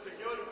señor